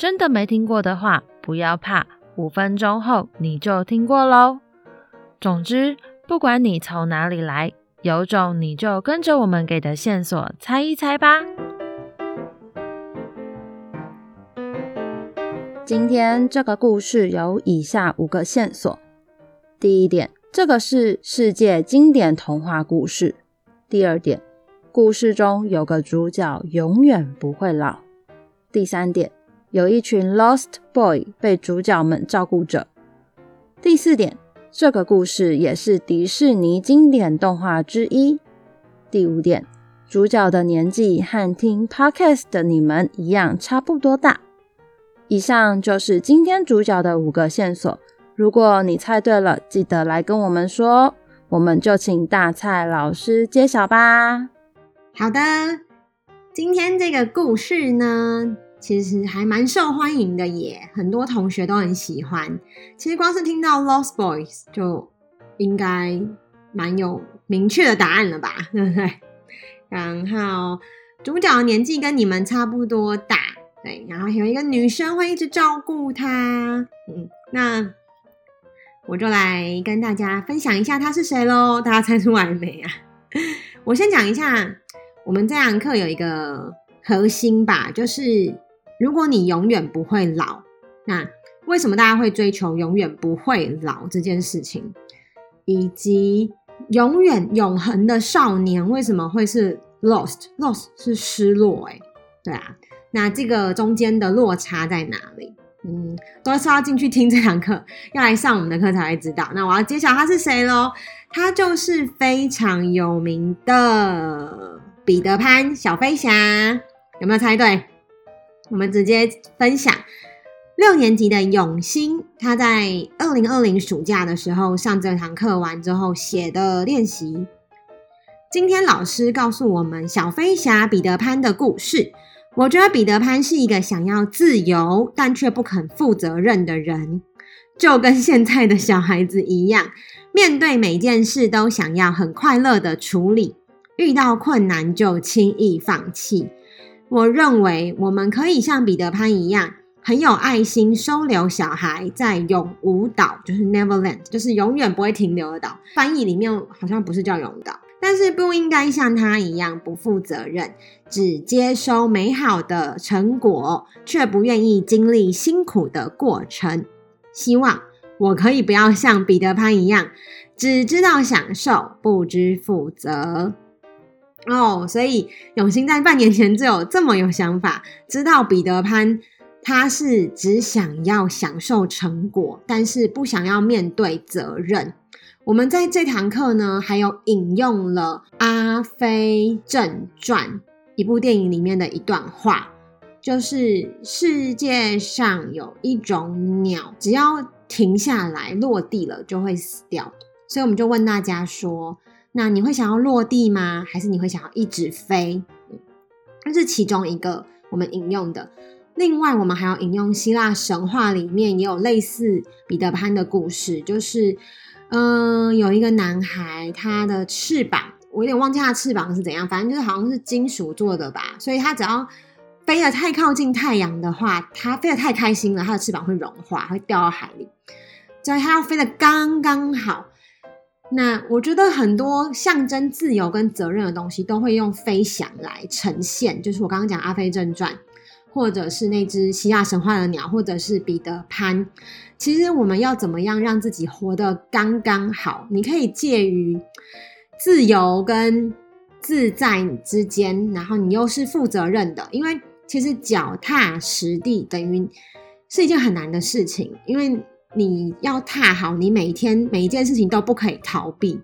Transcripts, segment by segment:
真的沒聽過的話，不要怕，五分鐘後你就聽過嘍。總之，不管你從哪裡來，有種你就跟着我們給的線索猜一猜吧。今天這個故事有以下五個線索。第一點，這個是世界經典童話故事。第二點，故事中有個主角永遠不會老。第三點，有一群 Lost Boy 被主角們照顧着。第四點，這個故事也是迪士尼經典動畫之一。第五點，主角的年紀和聽 Podcast 的你們一樣，差不多大。以上就是今天主角的五個線索。如果你猜對了，記得來跟我們說哦。我們就請大蔡老師揭曉吧。好的，今天這個故事呢，其實還蠻受歡迎的耶，很多同學都很喜歡。其實光是聽到 Lost Boys 就應該蠻有明確的答案了吧，對不對？然後主角的年紀跟你們差不多大，對。然後有一個女生會一直照顧他，嗯，那我就來跟大家分享一下他是誰嘍，大家猜出來沒啊？我先講一下，我們這堂課有一個核心吧，就是。如果你永遠不會老，那為什麼大家會追求永遠不會老這件事情，以及永遠永恆的少年為什麼會是 lost lost 是失落、欸？哎，對啊，那這個中間的落差在哪裡？嗯，都是要進去聽這堂課，要來上我們的課才會知道。那我要揭曉他是誰嘍，他就是非常有名的彼得潘小飛俠，有沒有猜對？我們直接分享六年級的永興，他在二零二零暑假的時候上這堂課完之後寫的練習。今天老師告訴我們小飛俠彼得潘的故事。我覺得彼得潘是一個想要自由，但卻不肯負責任的人，就跟現在的小孩子一樣，面對每件事都想要很快樂的處理，遇到困難就輕易放棄。我認為我們可以像彼得潘一樣，很有愛心收留小孩在永無島，就是 Neverland，就是永遠不會停留的島。翻譯裡面好像不是叫永無島，但是不應該像他一樣不負責任，只接收美好的成果，卻不願意經歷辛苦的過程。希望我可以不要像彼得潘一樣，只知道享受，不知負責。哦，所以永興在半年前就有這麼有想法，知道彼得潘他是只想要享受成果，但是不想要面對責任。我們在這堂課呢，還有引用了《阿飛正傳》一部電影裡面的一段話，就是世界上有一種鳥，只要停下來落地了就會死掉。所以我們就問大家說，那你會想要落地嗎？還是你會想要一直飛？這、嗯、是其中一個我們引用的。另外，我們還要引用希臘神話裡面也有類似彼得潘的故事，就是嗯、呃，有一個男孩，他的翅膀我有點忘記他翅膀是怎樣，反正就是好像是金屬做的吧。所以他只要飛得太靠近太陽的話，他飛得太開心了，他的翅膀會融化，會掉到海裡。所以他要飛得剛剛好。那我覺得很多象徵自由跟責任的東西，都會用飛翔來呈現。就是我剛剛講《阿飛正傳》，或者是那隻希臘神話的鳥，或者是彼得潘。其實我們要怎麼樣讓自己活得剛剛好？你可以介於自由跟自在之間，然後你又是負責任的。因為其實腳踏實地等於是一件很難的事情，因為。你要踏好，你每一天每一件事情都不可以逃避。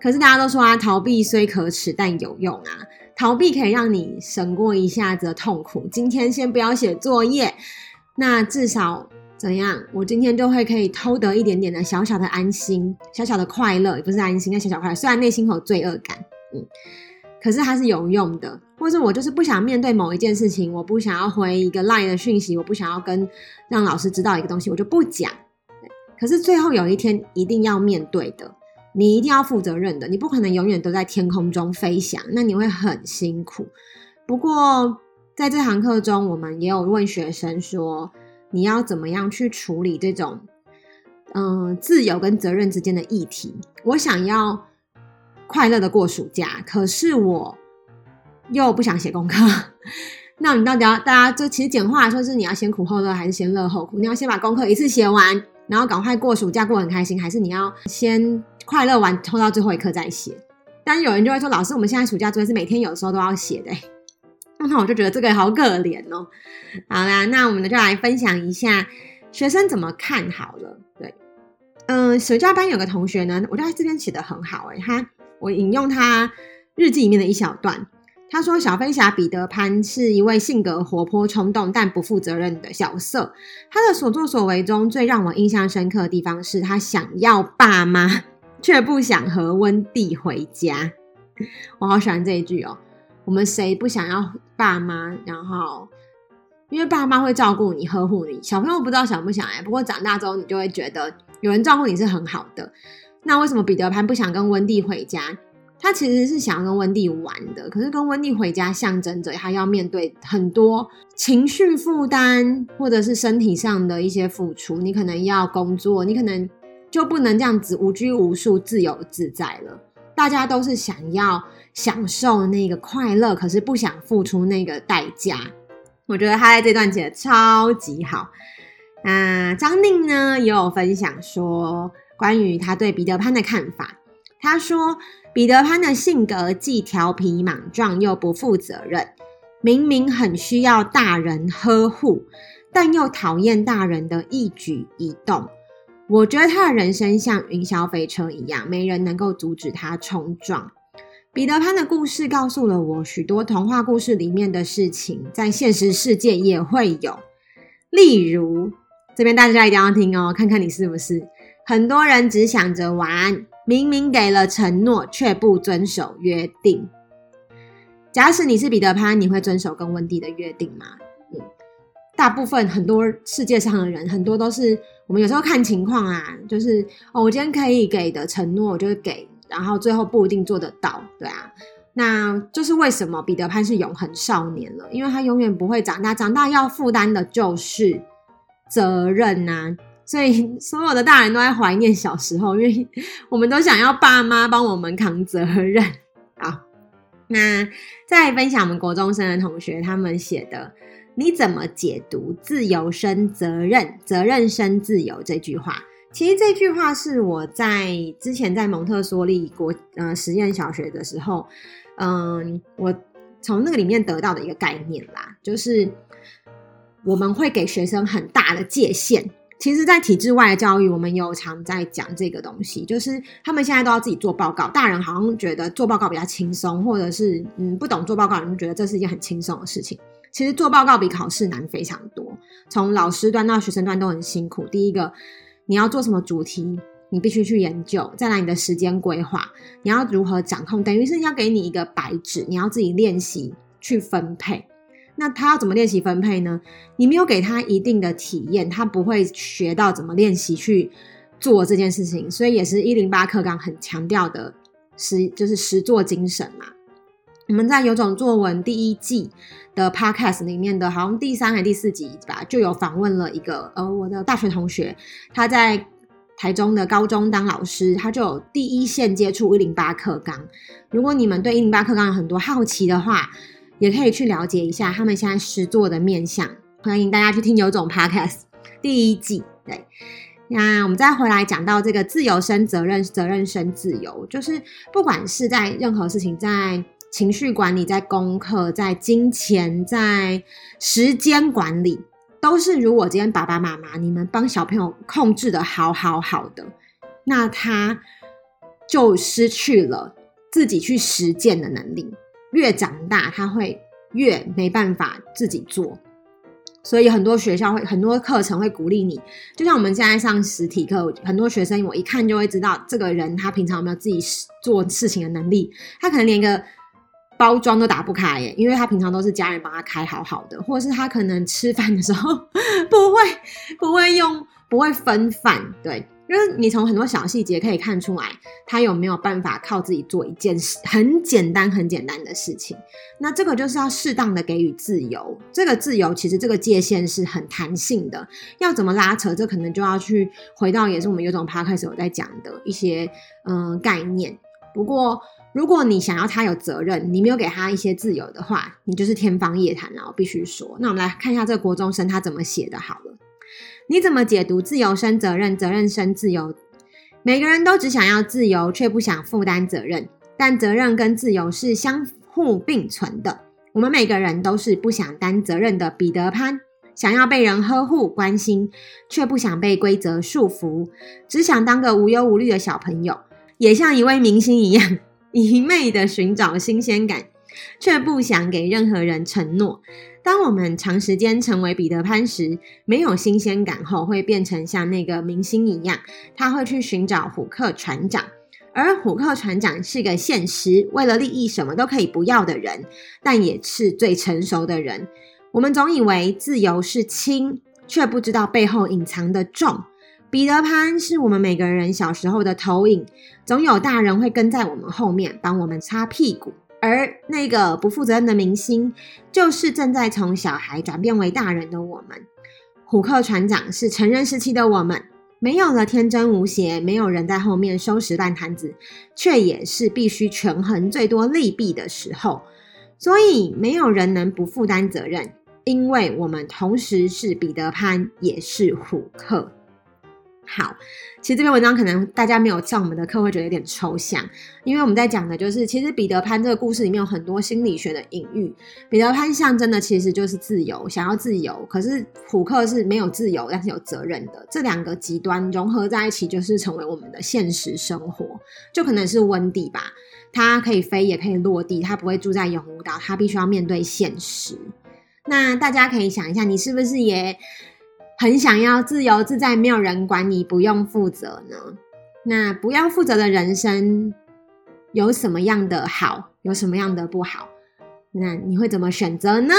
可是大家都說啊，逃避雖可恥，但有用啊。逃避可以讓你省過一下子的痛苦。今天先不要寫作業，那至少怎樣？我今天就會可以偷得一點點的小小的安心，小小的快樂，也不是安心，那小小快樂。雖然內心有罪惡感，嗯。可是還是有用的，或者我就是不想面對某一件事情，我不想要回一個 LINE 的訊息，我不想要跟讓老師知道一個東西，我就不講。可是最後有一天一定要面對的，你一定要負責任的，你不可能永遠都在天空中飛翔，那你會很辛苦。不過在這堂課中，我們也有問學生說，你要怎麼樣去處理這種嗯、呃、自由跟責任之間的議題？我想要。快樂的過暑假，可是我又不想寫功課。 那你到底要大家就其實簡化來說是你要先苦後樂，還是先樂後苦？你要先把功課一次寫完，然後趕快過暑假，過得很開心，還是你要先快樂完，拖到最後一刻再寫？但是有人就會說，老師，我們現在暑假作業是每天有的時候都要寫的、欸。那那我就覺得這個好可憐哦、喔。好啦，那我們就來分享一下學生怎麼看好了。對，嗯，暑假班有個同學呢，我覺得這邊寫的很好誒、欸、他。我引用他日記裡面的一小段，他說：“小飛俠彼得潘是一位性格活潑、衝動但不負責任的角色。他的所作所為中最讓我印象深刻的地方是他想要爸媽，卻不想和溫蒂回家。”我好喜歡這一句哦、喔！我們誰不想要爸媽？然後，因為爸媽會照顧你、呵護你。小朋友不知道想不想哎，不過長大之後你就會覺得有人照顧你是很好的。那為什麼彼得潘不想跟溫蒂回家？他其實是想要跟溫蒂玩的。可是跟溫蒂回家象徵着他要面對很多情緒負擔，或者是身體上的一些付出。你可能要工作，你可能就不能這樣子無拘無束、自由自在了。大家都是想要享受那個快樂，可是不想付出那個代價。我覺得他在這段寫得超級好。那張寧呢也有分享說，關於他對彼得潘的看法，他說：“彼得潘的性格既調皮莽撞又不負責任，明明很需要大人呵護，但又討厭大人的一舉一動。我覺得他的人生像雲霄飛車一樣，沒人能夠阻止他衝撞。”彼得潘的故事告訴了我許多童話故事裡面的事情，在現實世界也會有。例如，這邊大家一定要聽哦、喔，看看你是不是。很多人只想着玩，明明給了承諾，卻不遵守約定。假使你是彼得潘，你會遵守跟溫蒂的約定嗎？嗯，大部分很多世界上的人，很多都是我們有時候看情況啊，就是哦，我今天可以給的承諾，我就會給，然後最後不一定做得到，對啊。那就是為什麼彼得潘是永恆少年了，因為他永遠不會長大，長大要負擔的就是責任吶啊。所以所有的大人都在懷念小時候，因為我們都想要爸媽幫我們扛責任。好，那再分享我們國中生的同學他們寫的：“你怎麼解讀‘自由生責任，責任生自由’這句話？”其實這句話是我在之前在蒙特梭利國呃實驗小學的時候，嗯、呃，我從那個裡面得到的一個概念啦，就是我們會給學生很大的界限。其實，在體制外的教育，我們有常在講這個東西，就是他們現在都要自己做報告。大人好像覺得做報告比較輕鬆，或者是嗯，不懂做報告，人都覺得這是一件很輕鬆的事情。其實做報告比考試難非常多，從老師端到學生端都很辛苦。第一個，你要做什麼主題，你必須去研究；再來，你的時間規劃，你要如何掌控，等於是要給你一個白紙，你要自己練習去分配。那他要怎麼練習分配呢？你沒有給他一定的體驗，他不會學到怎麼練習去做這件事情。所以也是一零八課綱很強調的實，就是實做精神嘛。我們在《有種作文第一季》的 Podcast 裡面的，好像第三還是第四集吧，就有訪問了一個呃，我的大學同學，他在台中的高中當老師，他就有第一線接觸一零八課綱。如果你們對一零八課綱有很多好奇的話，也可以去了解一下他們現在實作的面相，歡迎大家去聽有種 Podcast 第一季。對，那我們再回來講到這個自由生責任，責任生自由，就是不管是在任何事情，在情緒管理、在功課、在金錢、在時間管理，都是如果今天爸爸媽媽你們幫小朋友控制的好好好的，那他就失去了自己去實踐的能力。越長大，他會越沒辦法自己做，所以很多學校會很多課程會鼓勵你。就像我們現在上實體課，很多學生我一看就會知道，這個人他平常有沒有自己做事情的能力？他可能連個包裝都打不開耶，因為他平常都是家人幫他開好好的，或者是他可能吃飯的時候不會不會用不會分飯，對。因為你從很多小細節可以看出來，他有沒有辦法靠自己做一件事，很簡單很簡單的事情。那這個就是要適當的給予自由，這個自由其實這個界限是很彈性的，要怎麼拉扯，這可能就要去回到也是我們有種 podcast 有在講的一些嗯概念。不過如果你想要他有責任，你沒有給他一些自由的話，你就是天方夜譚，然後必須說。那我們來看一下這個國中生他怎麼寫的，好了。你怎麼解讀“自由生責任，責任生自由”？每個人都只想要自由，卻不想負擔責任。但責任跟自由是相互並存的。我們每個人都是不想擔責任的彼得潘，想要被人呵護關心，卻不想被規則束縛，只想當個無憂無慮的小朋友。也像一位明星一樣，一昧的尋找新鮮感。卻不想給任何人承諾。當我們長時間成為彼得潘時，沒有新鮮感後，會變成像那個明星一樣，他會去尋找虎克船長。而虎克船長是個現實，為了利益什麼都可以不要的人，但也是最成熟的人。我們總以為自由是輕，卻不知道背後隱藏的重。彼得潘是我們每個人小時候的投影，總有大人會跟在我們後面幫我們擦屁股。而那個不負責任的明星，就是正在從小孩轉變為大人的我們。虎克船長是成人時期的我們，沒有了天真無邪，沒有人在後面收拾爛攤子，卻也是必須權衡最多利弊的時候。所以，沒有人能不負擔責任，因為我們同時是彼得潘，也是虎克。好，其實這篇文章可能大家沒有上我們的課會覺得有點抽象，因為我們在講的就是，其實彼得潘這個故事裡面有很多心理學的隱喻。彼得潘象徵的其實就是自由，想要自由，可是虎克是沒有自由，但是有責任的。這兩個極端融合在一起，就是成為我們的現實生活。就可能是溫迪吧，他可以飛，也可以落地，他不會住在永無島，他必須要面對現實。那大家可以想一下，你是不是也，很想要自由自在，沒有人管你，不用負責呢。那不要負責的人生有什麼樣的好，有什麼樣的不好？那你會怎麼選擇呢？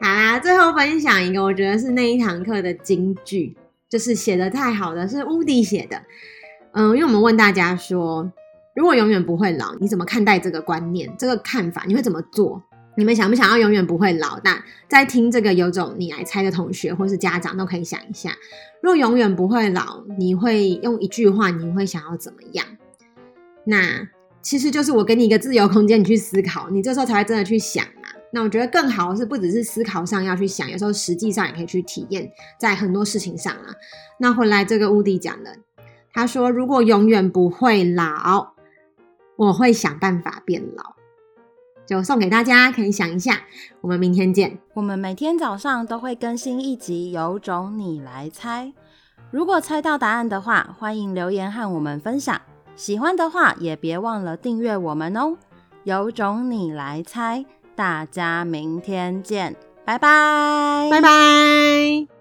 好啦，最後分享一個，我覺得是那一堂課的金句，就是寫的太好了，是烏迪寫的。嗯，因為我們問大家說，如果永遠不會老，你怎麼看待這個觀念？這個看法，你會怎麼做？你們想不想要永遠不會老？那在聽這個有種你來猜的同學或是家長都可以想一下，若永遠不會老，你會用一句話，你會想要怎麼樣？那其實就是我給你一個自由空間，你去思考，你這時候才會真的去想嘛、啊。那我覺得更好是不只是思考上要去想，有時候實際上也可以去體驗，在很多事情上啊。那後來這個 Woody 講的，他說如果永遠不會老，我會想辦法變老。就送給大家，可以想一下。我們明天見。我們每天早上都會更新一集《有種你來猜》，如果猜到答案的話，歡迎留言和我們分享。喜歡的話也別忘了訂閱我們哦、喔。有種你來猜，大家明天見，拜拜，拜拜。